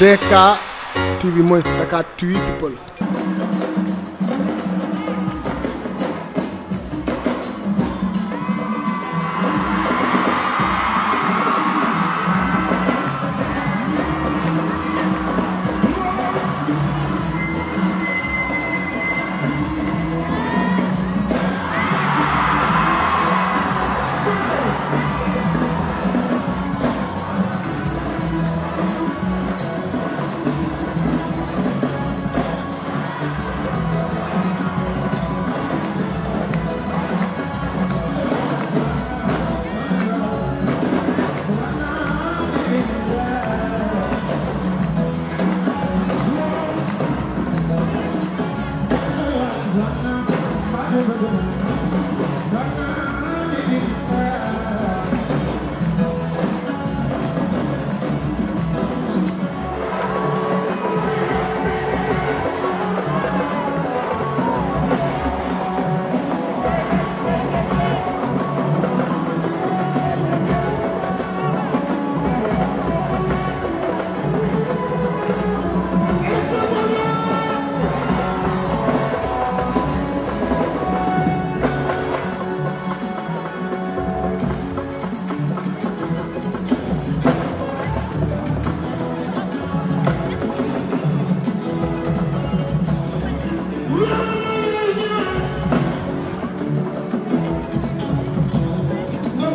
DK TV mooy Dakar TV people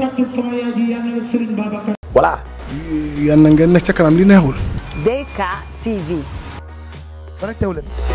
tàggat sama yaay ji yal na leen Serigne Babacar. voilà. yal na ngeen nekk ca kanam li neexul. DK TV.